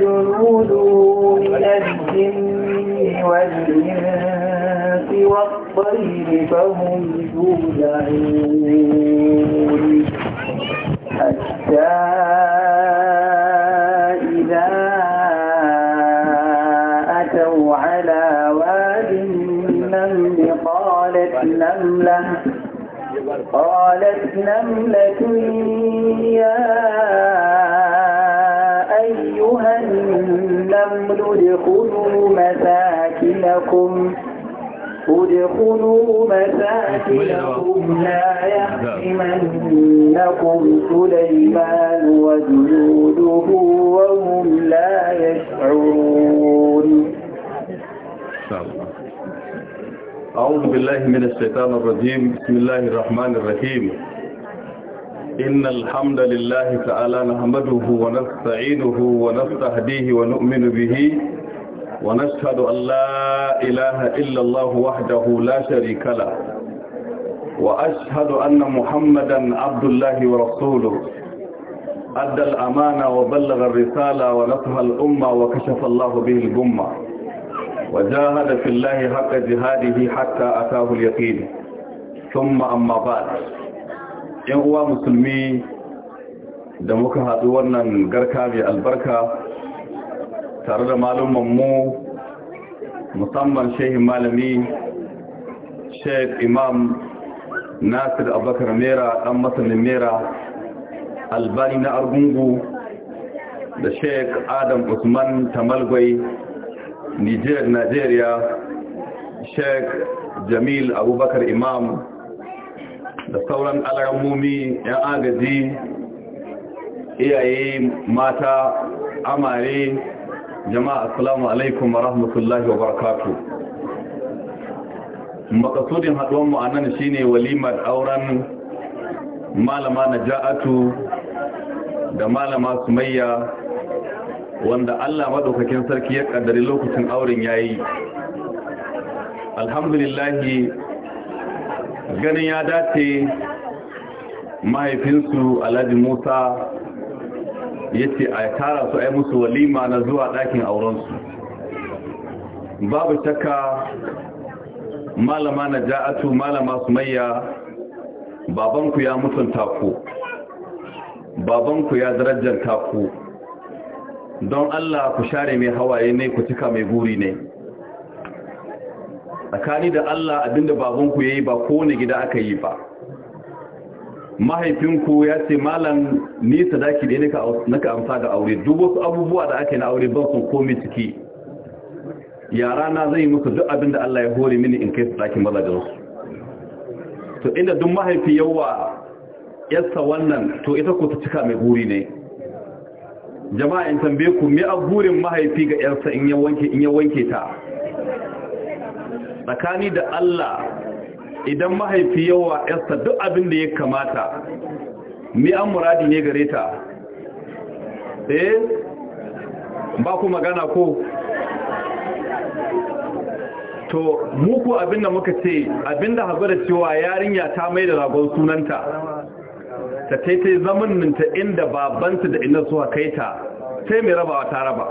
جنوده من الجن والإنس والطير فهم يوزعون حتى إذا أتوا على واد النمل قالت نملة قالت نملة ادخلوا مساكنكم ادخلوا مساكنكم لا يحتمنكم سليمان وجنوده وهم لا يشعرون أعوذ بالله من الشيطان الرجيم بسم الله الرحمن الرحيم إن الحمد لله تعالى نحمده ونستعينه ونستهديه ونؤمن به ونشهد أن لا إله إلا الله وحده لا شريك له وأشهد أن محمدا عبد الله ورسوله أدى الأمانة وبلغ الرسالة ونصح الأمة وكشف الله به الأمة وجاهد في الله حق جهاده حتى أتاه اليقين ثم أما بعد ‘yan uwa musulmi da muka haɗu wannan garka mai albarka tare da mu musamman shehin malami sheik imam nasir abubakar mera dan masanin mera albani na argungu da sheik adam usman tamalgwai niger nigeria sheik jamil abubakar imam da sauran alarammomi 'yan agaji iyaye mata amare jama'a assalamu alaikum wa rahmatullahi wa barakatu makasudin haɗuwanmu a nan shine walimar auren malama na ja'atu da malama sumayya wanda allah maɗaukakin sarki ya ƙaddari lokacin auren ya yi alhamdulillahi ganin ya dace mahaifinsu alhaji musa ya ce a tara su a yi musu walima na zuwa ɗakin aurensu babu shakka malama na ja'atu malama sumayya babanku ya mutunta ku babanku ya darajanta ku don Allah ku share mai hawaye ne ku cika mai guri ne tsakani da Allah abinda babanku ya yi ba kowane gida aka yi ba mahaifinku ya ce malam ni sadaki da na ka amsa ga aure duk wasu abubuwa da ake na aure ban sun komai ciki yara na zai musu duk abin da Allah ya hore mini in kai sadakin mazajensu to inda duk mahaifi yawa yasa wannan to ita ku ta cika mai guri ne jama'a in tambaye ku me a gurin mahaifi ga yarsa in ya wanke in ya wanke ta tsakani da Allah idan mahaifi yawa yasta duk abin da ya kamata ni an muradi ne gare ta eh ba ku magana ko to muku da muka ce abin da hazara cewa yarinya ta mai da ragon sunanta ta taitai zamaninta inda babanta da inda suwa kai ta sai mai rabawa ta raba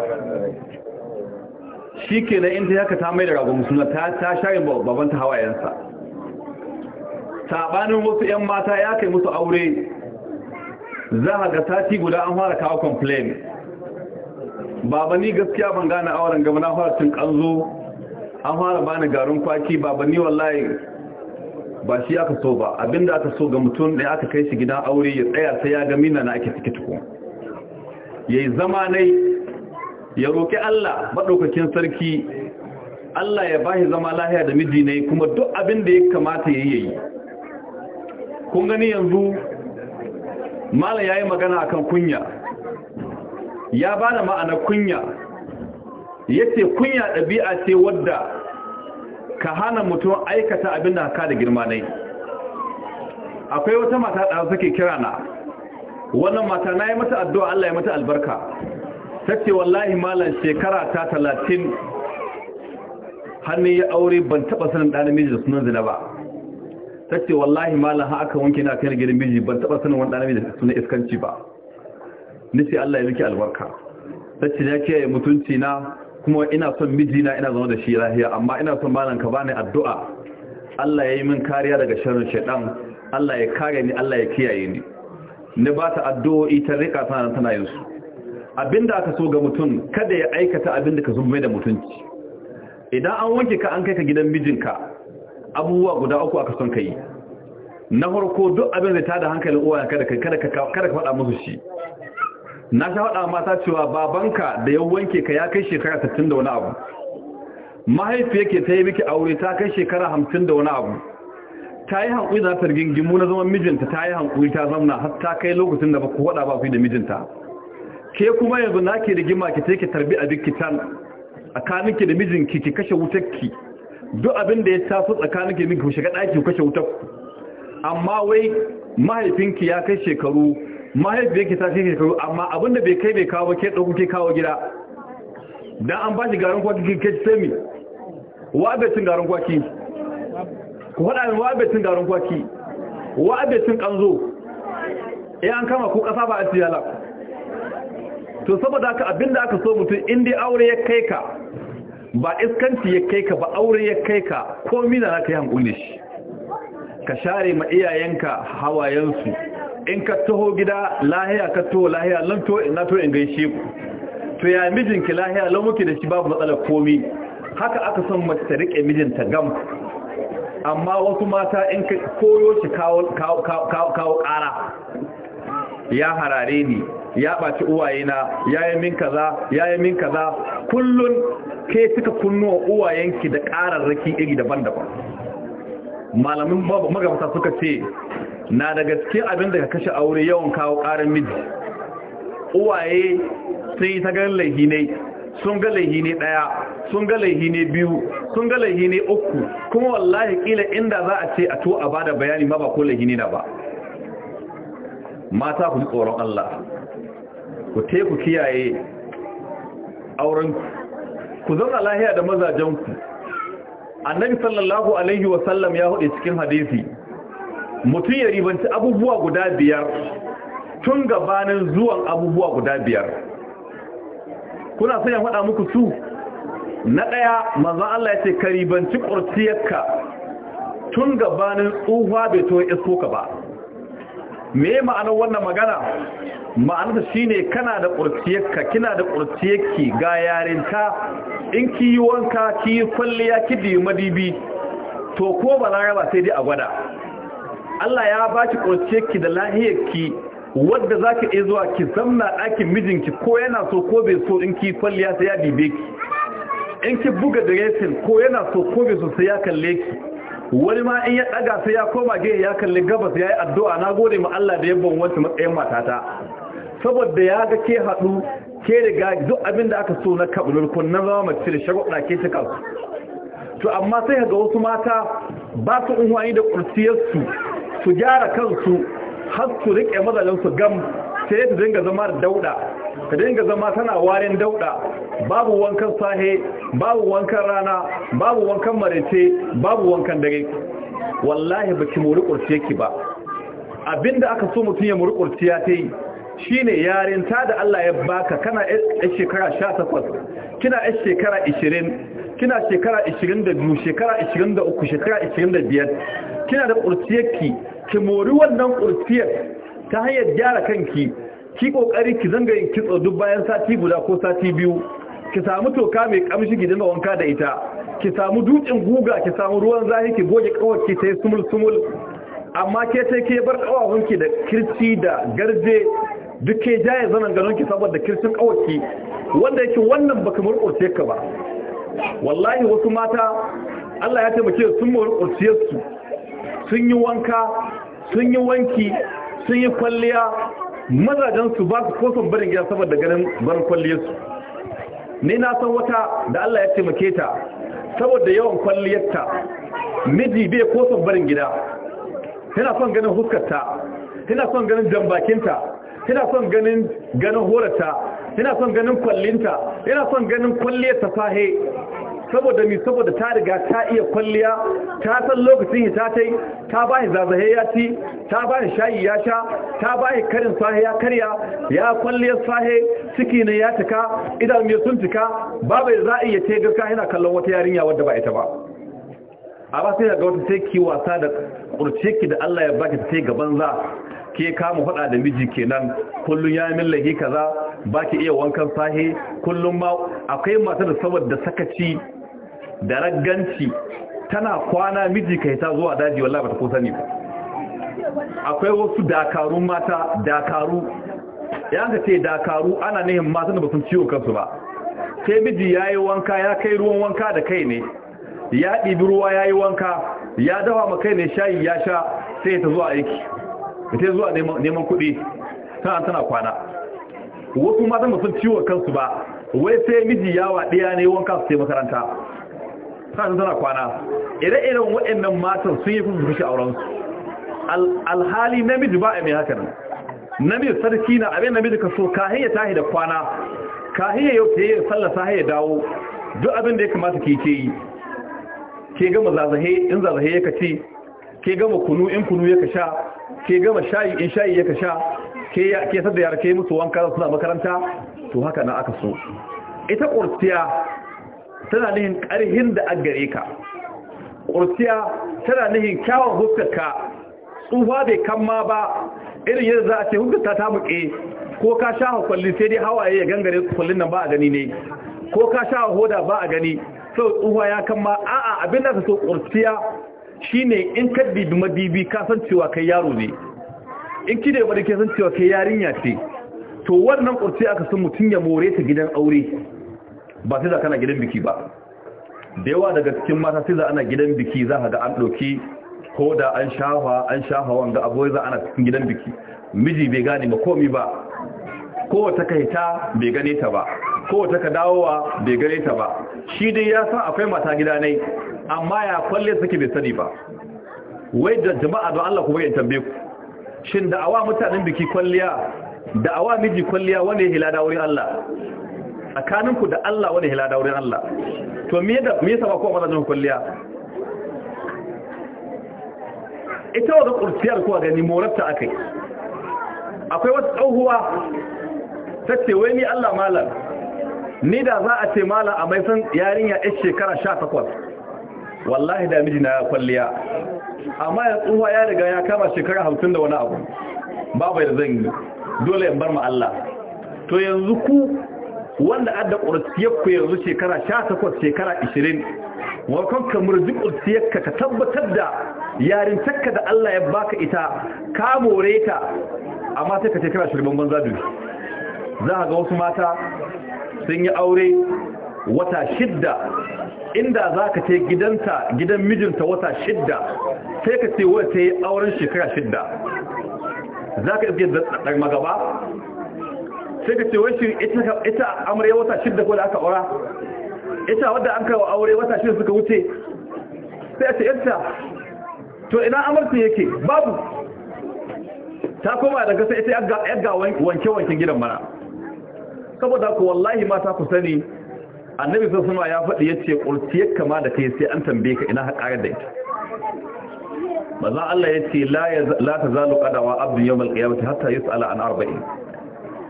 shi kenan inda haka ta mai da ragon sunanta ta shayin babanta hawayensa sabanin wasu 'yan mata ya kai musu aure za a ga sati guda an fara kawo complain babani gaskiya ban gane auren gaba na fara cin kanzo an fara bani garin kwaki babani wallahi ba shi aka so ba abinda aka so ga mutum da aka kai shi gidan aure ya tsaya sai ya ga minna na ake ciki tukun yi zama nai ya roƙi Allah maɗaukakin sarki Allah ya bashi zama lahiya da miji ne kuma duk abin da ya kamata ya yi. kun gani yanzu malam yi magana akan kunya ya bada ma'ana kunya yace kunya ɗabi'a ce wadda ka hana mutum aikata abin da haka da girma ne akwai wata mata da suke kira na wannan mata na yi mata addu'a Allah ya mata albarka ta ce wallahi malam shekara ta talatin hannun ya aure ban taɓa sanin ɗan namiji da sunan zina ba tace wallahi malam ha aka wanke na kai gidan miji ban taba sanin wani dalibi da suna iskanci ba Ni nace Allah ya miki albarka tace ya kiyaye mutunci na kuma ina son miji na ina zama da shi lafiya amma ina son malam ka bani addu'a Allah ya yi min kariya daga sharrin shaytan Allah ya kare ni Allah ya kiyaye ni ne ba ta addu'o'i ta rika tana tana yin su abinda aka so ga mutum kada ya aikata abinda ka zumbe da mutunci idan an wanke ka an kai ka gidan mijinka abubuwa guda uku aka son kai na farko duk abin da ta da hankalin ya kada ka kada kada ka faɗa musu shi na sha faɗa mata cewa babanka da ya ka ya kai shekara 60 da wani abu mahaifi yake ta yi miki aure ta kai shekara 50 da wani abu ta yi hankuri za ta rigingimu na zaman mijinta ta yi hankuri ta zamna har ta kai lokacin da ba ku faɗa ba ku da mijinta ke kuma yanzu na ke rigima ki take tarbi a duk kitan tsakaninki da mijinki ki kashe wutarki duk abin da ya taso tsakanin ke miki shiga ɗaki ku kashe wutar amma wai mahaifinki ya kai shekaru mahaifiyarki ta kai shekaru amma abin da bai kai bai kawo ke ɗauku ke kawo gida dan an ba shi garin kwaki ke kai semi mi bai garin kwaki ku faɗa min wa garin kwaki wa bai kanzo eh an kama ku ƙasa ba a tiyala to saboda haka abinda aka so mutum in dai aure ya kai ka ba iskanti ya kai ka ba aure ya kai ka komi da za ka yi hankuli shi ka share ma iyayenka hawayensu in ka taho gida lahiya ka taho lahiya lan to to in gaishe ku to ya mijinki lahiya lan muke da shi babu matsalar komi haka aka son mace ta rike mijinta gam amma wasu mata in ka koyo shi kawo kawo kawo ƙara ya harare ni ya ɓaci uwayena ya yi min kaza yayin min kaza kullun ke suka kunnuwa uwayenki da ƙararraki iri daban-daban malamin magabata suka ce na da gaske abin da ka kashe aure yawan kawo karar miji uwaye sun ta ganin laihi ne sun ga laihi ne ɗaya sun ga laihi biyu sun ga laihi uku kuma wallahi kila inda za a ce a to a bada bayani ma ba ko laihi ne na ba mata ku ji tsoron Allah ku te ku kiyaye aurenku ku zauna lahiya da mazajenku annabi sallallahu alaihi wa sallam ya hudu cikin hadisi mutum ya ribanci abubuwa guda biyar tun gabanin zuwan abubuwa guda biyar kuna son ya muku su na ɗaya manzan Allah ya ce ka ribanci ƙurciyarka tun gabanin tsufa bai to ya isko ba me ma'anar wannan magana ma'anar shine kana da ƙurciyarka kina da ƙurciyarki ga yarinta in ki yi wanka ki yi kwalliya ki da madibi to ko ba laraba sai dai a gwada Allah ya ba ki ƙurciyarki da lahiyarki wadda za ki iya zuwa ki zamna ɗakin mijinki ko yana so ko bai so in ki kwalliya sai ya dibe ki in ki buga diresin ko yana so ko bai so sai ya kalle ki wani ma in ya daga sai ya koma gehe ya kalli gabas ya yi addu'a na gode ma Allah da ya ban wancan matsayin matata saboda ya ga ke haɗu ke riga duk abin da aka so na kabulur kunna zama mace da shagwada ke ta kansu to amma sai ga wasu mata ba su unhwani da ƙurciyarsu su gyara kansu har su riƙe mazalinsu gam sai ta dinga zama da dauda ta dinga zama tana warin dauda babu wankan sahe babu wankan rana babu wankan marece babu wankan dare wallahi baki muri ƙurciya ki ba abinda aka so mutum ya muri ƙurciya ta yi shine ta da Allah ya baka kana yan shekara 18 kina yan shekara 20 kina shekara 22 shekara 23 shekara 25 kina da kurciyarki ki mori wannan kurciyar ta hanyar gyara kanki ki kokari ki zanga yin kitso duk bayan sati guda ko sati biyu ki samu toka mai kamshi ki dinga wanka da ita ki samu dutsen guga ki samu ruwan zahi ki goge kawar ta yi sumul sumul amma ke sai ke bar ki da kirci da garje duk ke jaye zanen ki saboda kircin kawarki wanda yake wannan baka murkurce ka ba wallahi wasu mata Allah ya taimake sun murkurce su sun yi wanka sun yi wanki sun yi kwalliya mazajensu ba su kosan barin gida saboda ganin barin kwalliyarsu ni na san wata da Allah ya taimake ta saboda yawan kwalliyarta miji bai kosan barin gida tana son ganin huskarta tana son ganin jambakinta tana son ganin ganin horarta tana son ganin kwallinta tana son ganin kwalliyarta sahe saboda mi saboda ta riga ta iya kwalliya ta san lokacin hita ta yi ta ba shi zazahe ya ci ta ba shayi ya sha ta ba karin sahe ya karya ya kwalliya sahe ciki ne ya cika idan mai sun cika babu ya za a iya ce gaskiya yana kallon wata yarinya wadda ba ita ba a ba sai ga wata sai ki wasa da kurce ki da Allah ya baki ta ga banza ke kama faɗa da miji kenan kullun ya millage kaza baki iya wankan sahe kullun ma akwai da saboda sakaci da ragganci tana kwana miji kai ta zuwa daji wallahi bata ko sani ba akwai wasu dakaru mata dakaru ya ka ce dakaru ana nihin matan da ba sun ciwo kansu ba sai miji ya yi wanka ya kai ruwan wanka da kai ne ya ɗibi ruwa ya yi wanka ya dawa ma kai ne shayi ya sha sai ta zuwa aiki ta zuwa neman kuɗi tana tana kwana wasu mata ba sun ciwo kansu ba wai sai miji yawa ɗaya ne wanka su sai makaranta sa'an zana kwana ire-iren waɗannan matan sun yi su fushi aurensu alhali namiji ba a mai haka nan namiji sarki na abin namiji ka so kahin ya tahi da kwana kahin ya yau ta yi sallar sahi ya dawo duk abin da ya kamata ke ke yi ke gama zazahe in zazahe ya kace ke gama kunu in kunu ya ka ke gama shayi in shayi ya ka ke sadda yara ke musu wanka suna makaranta to haka na aka so ita ƙurciya tana nihin ƙarhin da an gare ka ƙurciya tana nihin kyawun huskarka tsufa bai kama ba irin yadda za a ce hukunta ta muke ko ka sha sai dai hawaye ya gangare kwallin nan ba a gani ne ko ka sha hoda ba a gani sau tsufa ya a a'a abin da ka so ƙurciya shine in ka dibi madibi ka san cewa kai yaro ne in ki da san cewa kai yarinya ce to wannan ƙurciya aka san mutum ya more ta gidan aure ba sai da kana gidan biki ba da yawa daga cikin mata sai za ana gidan biki za ka ga an ɗauki ko da an shafa an shafa wanga abuwa za ana cikin gidan biki miji bai gane ba komi ba wata ka hita bai gane ta ba wata ka dawowa bai gane ta ba shi dai ya san akwai mata gida ne amma ya kwalle suke bai sani ba wai da jama'a don Allah kuma ya tambaye ku shin da awa mutanen biki kwalliya da awa miji kwalliya wanda ya hila da wurin Allah tsakaninku da Allah wani hilada wurin Allah to me da me yasa ba kowa mazajin kulliya ita wadda kurciyar kowa gani morarta akai akwai wata tsohuwa ta ce wai ni Allah malam ni da za a ce malam a mai san yarinya ya shekara 18 wallahi da miji na kwalliya amma ya tsohuwa ya riga ya kama shekara 50 da wani abu babu da zan yi dole in bar ma Allah to yanzu ku wanda adda ƙurciyarku yanzu shekara 18 shekara 20 wakon kamar murji ƙurciyarka ka tabbatar da yarin takka da Allah ya baka ita ka more ta amma sai ka ce shirban banza duk za ga wasu mata sun yi aure wata shidda inda za ka ce gidanta gidan mijinta wata shidda sai ka ce wata yi auren shekara shidda za ka iske da magaba sai ka ce wai shi ita amarya wata shidda ko da aka aura ita wadda an kawo aure wata shidda suka wuce sai a ce yanta to ina amurci yake babu ta koma da gasa ita yagga wanke wanke gidan mana saboda ku wallahi mata ku sani annabi sun suna ya faɗi ya ce ya kama da kai sai an tambe ka ina haƙarar da ita za Allah ya ce la ta zalu ƙadawa abin yau malƙiyar hatta yi tsala an arba'in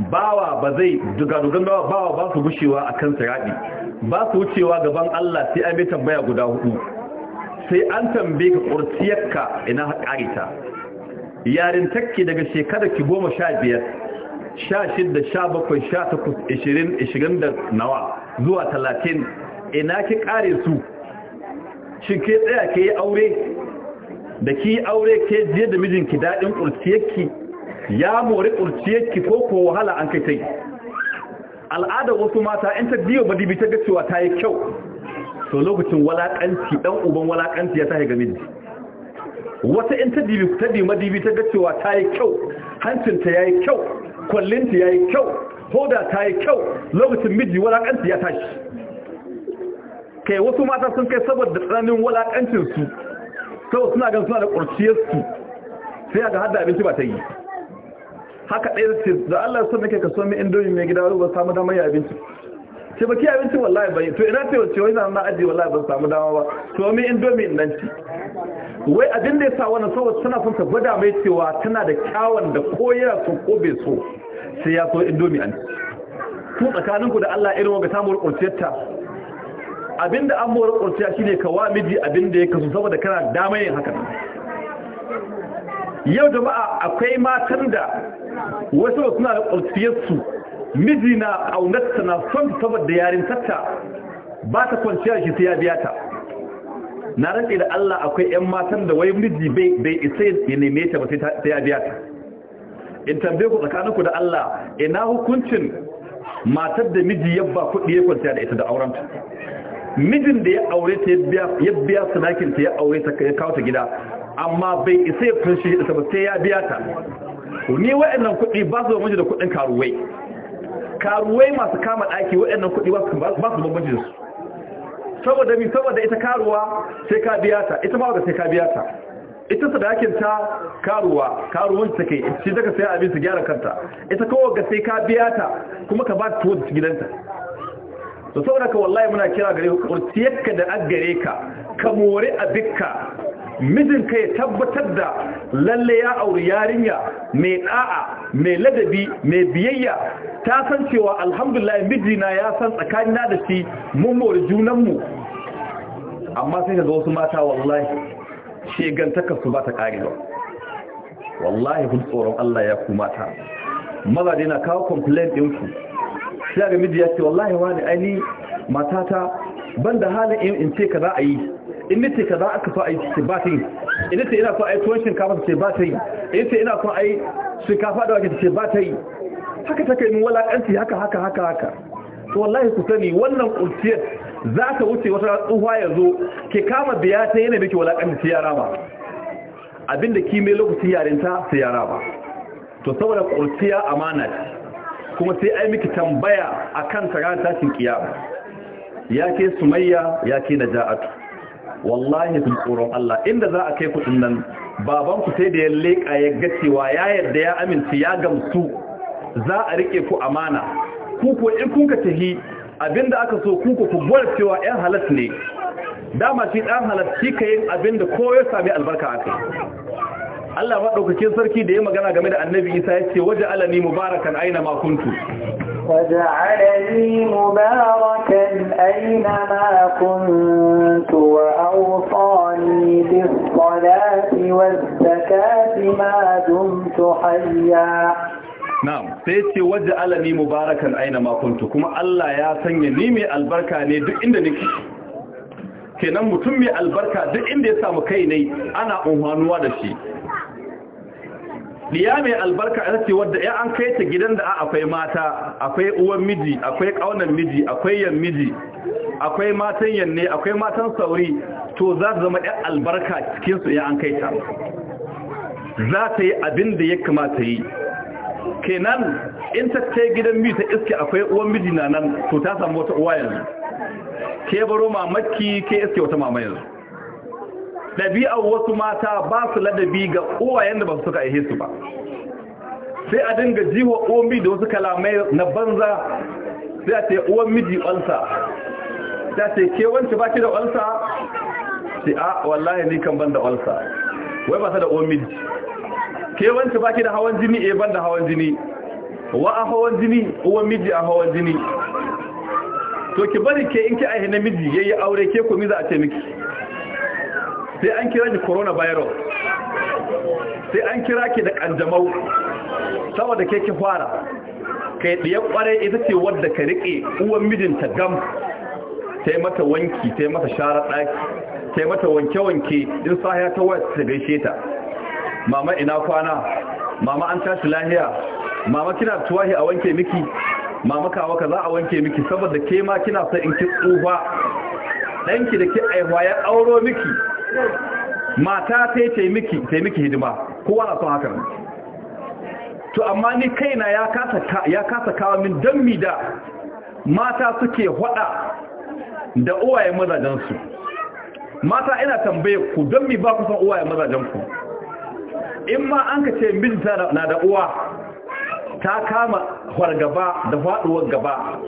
bawa ba zai dugadugan bawa bawa ba su gushewa a kan siraɗi ba su wucewa gaban Allah sai an yi tambaya guda hudu sai an tambaye ka ƙurciyarka ina haƙarita yarin takke daga shekarar ki goma sha biyar sha shidda sha bakwai sha takwas ishirin ishirin da nawa zuwa talatin ina ki ƙare su shi ke tsaya ke yi aure da ki yi aure ke je da mijinki daɗin ƙurciyarki ya mori ki ko ko wahala an kai ta yi al'adar wasu mata in ta biyo ba dibi ta ga cewa ta yi kyau to lokacin walaƙanci ɗan uban walaƙanci ya tahi ga miji wata in ta dibi ta ma dibi ta ga cewa ta yi kyau hancinta ya yi kyau kwallinta ya yi kyau hoda ta yi kyau lokacin miji walakanci ya tashi kai wasu mata sun kai saboda tsananin walaƙancinsu sau suna gan suna da ƙurciyarsu sai ga hada abinci ba ta yi haka ɗaya ce da Allah sun nake kaso mai indomi mai gida wani ba samu damar ya abinci ce baki abinci wallahi bai to ina ce wace wai na ajiye wallahi ba samu dama ba to mai indomi nan ci wai abin da ya sa wani saboda tana son ta gwada mai cewa tana da kyawun da ko yana so ko bai so sai ya so indomi an ku tsakaninku da Allah irin wanda samu Abin da an mora kurciya shi ne kawa miji abin da ya kasu saboda kana damar yin haka yau jama'a akwai matan da wasu suna da ƙwarfiyarsu miji na ƙaunarta na son saboda yarin tatta ba ta kwanciya shi ta ya biya na rantse da Allah akwai 'yan matan da wai miji bai isa ya neme ta ba sai ta ya biya in tambaye ku tsakaninku da Allah ina hukuncin matar da miji ya ba kuɗi ya kwanciya da ita da aurenta mijin da ya aure ta ya biya sanakin ya aure ta ya kawo ta gida amma bai isa ya kunshi ta ba sai ya biya ta ni waɗannan kuɗi ba su bambanci da kuɗin karuwai karuwai masu kama ɗaki waɗannan kuɗi ba su bambanci da su saboda mi saboda ita karuwa sai ka biya ta ita ma sai ka biya ta ita sadakin ta karuwa karuwan ta kai shi daga sai abin su gyara kanta ita kawo ga sai ka biya ta kuma ka ba ta tuwo gidanta to saboda ka wallahi muna kira gare ku kurciyarka da aggare ka ka more abikka mijinka ya tabbatar da lalle ya auri yarinya mai da'a mai ladabi mai biyayya ta san cewa alhamdulillah mijina ya san tsakanina da shi mun mori junanmu amma sai ka ga wasu mata wallahi shegantaka su ba ta ba wallahi kun tsoron Allah ya ku mata maza dai na kawo complain ɗinku sai ga miji ya ce wallahi wani aini matata ban halin in ce ka za a yi in nace kaza aka so ai ce ba ta yi in ce ina so ai tuwon shinkafa ce ba ta yi in nace ina so ai shinkafa da wake ce ba ta yi haka take min walakanci haka haka haka haka to wallahi ku sani wannan kurciyar za ta wuce wata tsuwa ya zo ke kama biya ta yana miki walakanci yara ba abinda ki mai lokacin ta sai yara ba to saboda kurciya amana ce kuma sai ai miki tambaya akan tsara tashin kiyama ya ke sumayya ya ke na ja'atu. wallahi kun tsoron Allah inda za a kai kuɗin nan babanku sai da ya leƙa ya ga cewa ya yarda ya amince ya gamsu za a rike ku amana ku ko in kun ka tahi abinda aka so ku ku gwada cewa ɗan halat ne dama shi ɗan halat shi ka yin abinda ko ya sami albarka aka Allah ɗaukakin sarki da ya magana game da annabi Isa ya ce waje alani mubarakan aina ma kuntu وجعلني مباركا أينما كنت وأوصاني بالصلاة والزكاة ما دمت حيا Na'am, sai ce waje alami mubarakan aina makuntu kuma Allah ya sanya ni mai albarka ne duk inda Kenan mutum mai albarka duk inda ya samu kai ne ana unhanuwa da shi. liya mai albarka a ce wadda ya an kai ta gidan da akwai mata akwai uwan miji akwai ƙaunar miji akwai yan miji akwai matan yanne akwai matan sauri to za ta zama ɗan albarka cikin su ya an kai ta za ta yi abin da ya kamata yi kenan in ta kai gidan miji ta iske akwai uwan miji na nan to ta samu wata uwa yanzu ke baro mamaki ke iske wata mama yanzu ɗabi'ar wasu mata ba su ladabi ga uwayen da ba su suka aihe su ba sai a dinga jiwa omi da wasu kalamai na banza sai a ce uwan miji ƙwansa ta ce ke wance baki da ƙwansa ce a wallahi ni kan ban da ƙwansa wai ba ta da omi miji ke wance baki da hawan jini e ban da hawan jini wa a hawan jini uwan miji a hawan jini to ki bari ke in ki aihe namiji yayi aure ke ko miza za a ce miki sai an kira ki virus, sai an kira ki da kanjamau saboda ke ki fara kai ɗaya kware ita ce wadda ka rike uwan mijinta gam sai mata wanki sai mata shara daki sai mata wanke-wanke din sahiya ta waya ta gaishe ta mama ina kwana mama an tashi lahiya mama kina tuwahi a wanke miki mama kawa kaza za a wanke miki saboda ke ma kina sai in ki tsufa ɗanki da ke aihuwa ya auro miki mata sai taimaki hidima kowa na son hakan to amma ni kaina ya kasa ya kasa kawo min don mi da mata suke hada da uwaye mazajensu. mata ina tambaye ku don mi ba ku san uwaye mazajen in ma an ka ce mijinta na da uwa ta kama gaba da faduwar gaba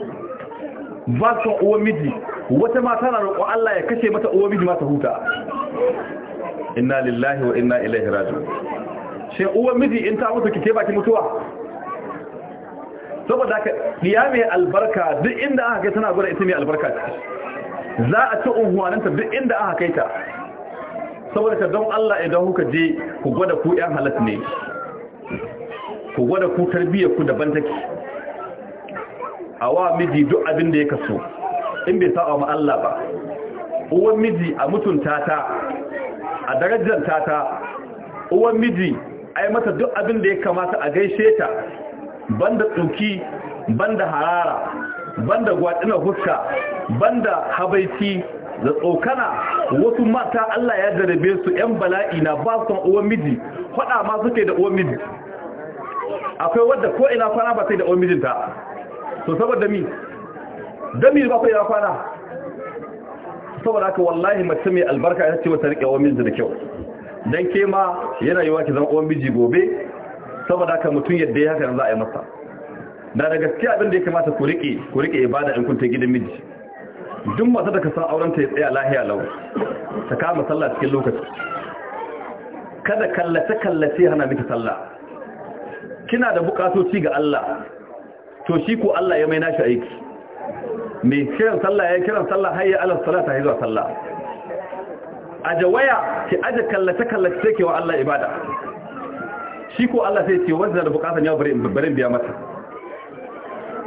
ba su uwa miji wata mata na roƙo Allah ya kashe mata uwa miji mata huta inna lillahi wa inna ilaihi raji'un she uwa miji in ta mutu kike baki mutuwa saboda ka diyame mai albarka duk inda aka kai tana gura ita mai albarka za a ci unhuwananta duk inda aka kai ta saboda ka don Allah idan kuka je ku gwada ku ƴan halat ne ku gwada ku tarbiyyar ku daban take a wa miji duk abin da ya kaso in bai saba Allah ba uwan miji a mutunta ta a darajanta ta uwan miji ai mata duk abin da ya kamata a gaishe ta banda tsuki banda harara banda gwadina huska banda habaiti da tsokana wasu mata Allah ya jarabe su yan bala'i na ba su uwan miji hada ma suke da uwan miji akwai wadda ko ina kwana ba sai da uwan mijinta to saboda mi dami bakwai ya fara saboda haka wallahi mace mai albarka ita ce wata riƙe wa da kyau dan ke ma yana yiwa ki zama uwan miji gobe saboda haka mutum yadda ya haka yanzu a yi masa na da gaskiya abin da ya kamata ku riƙe ku riƙe ibada in kun ta gidan miji duk masu da ka san auren ta ya tsaya lahiya lau ta kama sallah cikin lokaci kada kallace kallace hana miki sallah kina da bukatoci ga Allah to shi ko Allah ya mai nashi aiki mai kiran sallah ya kiran sallah hayya ala salata hayya zuwa sallah aje waya ki aje kallace kallace ke wa Allah ibada shi ko Allah sai ce wanda da bukatan ya bare bare biya mata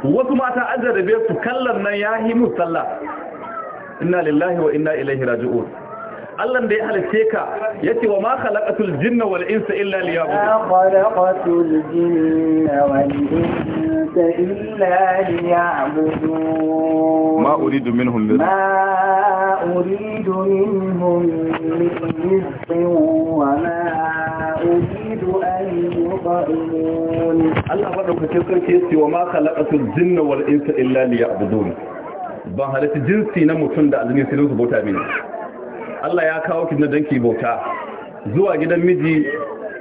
wasu mata an jarrabe su kallon nan ya yi yahi sallah inna lillahi wa inna ilaihi raji'un Allah da ya halice ka yace wa ma khalaqatul jinna wal insa illa liya'budun ma khalaqatul jinna wal insa illa liya'budun ma uridu minhum min ma uridu minhum min wa ma uridu an yut'imun Allah ba dauke sarki yace wa ma khalaqatul jinna wal insa illa liya'budun ban halitta jinsi na mutum da aljini sai su bauta mini Allah ya kawo ki dan ki bauta zuwa gidan miji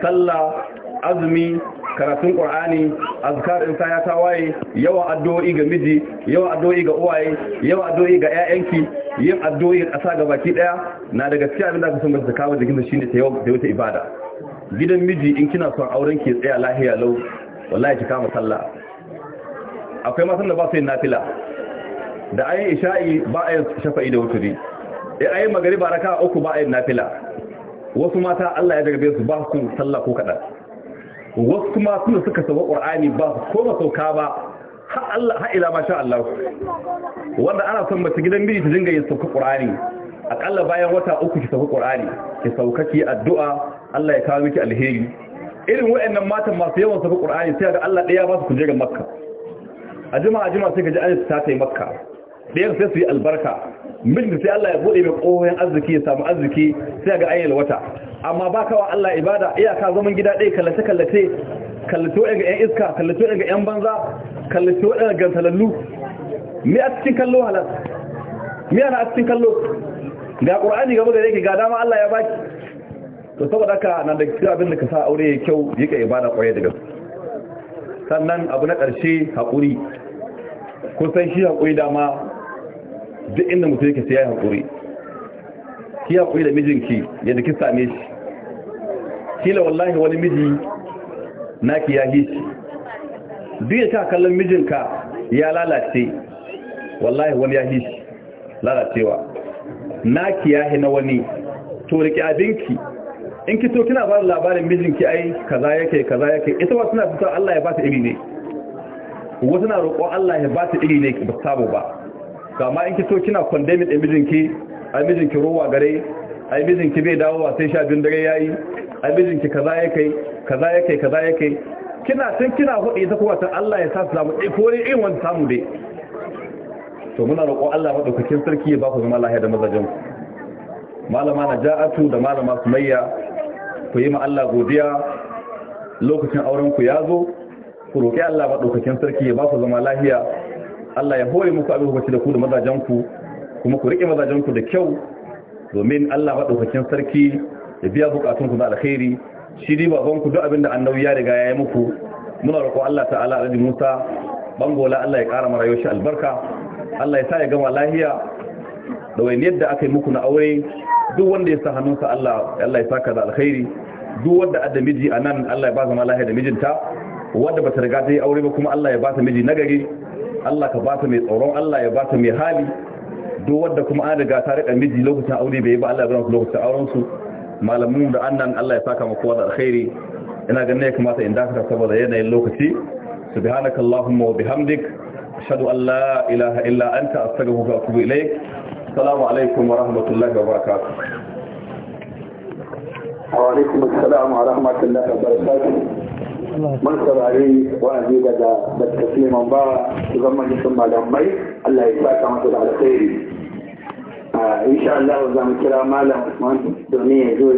sallah azumi karatun qur'ani azkar in ya tawaye yawan addu'o'i ga miji yawan addu'o'i ga uwaye yawan addu'o'i ga ƴaƴanki yin addu'o'i ƙasa ga baki daya na daga cikin abin da aka san ta kawo jikin da shine ta yau da wata ibada gidan miji in kina son auren ki tsaya lahiya lau wallahi ki kama sallah akwai matan da ba su yin nafila da ayin isha'i ba a shafa'i da wuturi ya eh, ayi magariba raka uku ba ayin nafila wasu mata Allah ya jarabe su ba su sallah ko kada wasu kuma sun suka saba qur'ani ba su koma sauka ba har Allah har ila masha Allah wanda ana son mace gidan miji ta dinga yin sauka qur'ani akalla bayan wata uku ki sauka qur'ani ki sauka ki addu'a Allah ya kawo miki alheri irin wayannan matan masu yawan sauka qur'ani sai ga Allah daya ba su kujerar makka a juma'a juma'a sai ka ji an ta yi makka ɗayan sai su yi albarka mijin sai Allah ya buɗe mai ƙoyon arziki ya samu arziki sai ga ayyana wata amma ba kawa Allah ibada iyaka zaman gida ɗaya kallace kallace kallace daga ‘yan iska kallace daga ‘yan banza kallace daga gantalallu me a cikin kallo halar me ana a cikin kallo ga ƙur'ani gaba gare yake ga dama Allah ya baki to saboda haka na da cikin abin da ka sa aure ya kyau yi ka ibada ƙwaye daga sannan abu na ƙarshe haƙuri kusan shi haƙuri dama duk inda mutum yake sai ya hankuri ki hankuri da mijinki yadda kin same shi kila wallahi wani miji naki ya shi duk ya ka kallon mijinka ya lalace wallahi wani ya shi lalacewa naki ya na wani to rike abinki in ki to kina bada labarin mijinki ai kaza yake kaza yake ita wasu na fito Allah ya ba ta iri ne wasu na roƙo Allah ya ba ta iri ne ba sabo ba kama in kito kina condemn din mijinki ai mijinki rowa gare ai mijinki bai dawo sai sha bin dare yayi ai mijinki kaza ya kai kaza ya kai kaza ya kai kina tun kina hudu ita kuma ta Allah ya sa su samu ko ne in wani samu dai to muna roƙo Allah madaukakin sarki ya ba ku zama lahiya da mazajin malama na ja'atu da malama sumayya ku yi ma Allah godiya lokacin auren ku ya zo ku roƙi Allah madaukakin sarki ya ba ku zama lahiya Allah ya hore muku abin hukunci da ku da mazajenku kuma ku rike mazajenku da kyau domin Allah ɗaukakin sarki ya biya bukatunku na alkhairi shi ne babanku duk abin da annabi ya riga ya yi muku muna roƙo Allah ta'ala da Musa bangola Allah ya ƙara mara shi albarka Allah ya sa ya gama lahiya da wani yadda aka yi muku na aure duk wanda ya sa hannunsa Allah Allah ya saka da alkhairi duk wanda adda miji anan Allah ya ba zama lahiya da mijinta wanda ta riga ta yi aure ba kuma Allah ya ba ta miji nagari Allah ka bata mai tsoron Allah ya bata mai hali duk wadda kuma an riga ta rika miji lokacin aure bai ba Allah ya zama lokacin auren su malamu da annan Allah ya saka maka da alkhairi ina ganin ya kamata in dakata saboda yanayin lokaci subhanakallahumma wa bihamdik ashhadu an la ilaha illa anta astaghfiruka wa atubu ilaik assalamu alaikum wa rahmatullahi wa barakatuh wa alaikum assalam wa rahmatullahi wa barakatuh mun saurari wa'azi daga tasliman ba su zama jisun malamai Allah ya saka masa da alkhairi ah, insha Allah za mu kira malam Usman domin ya zo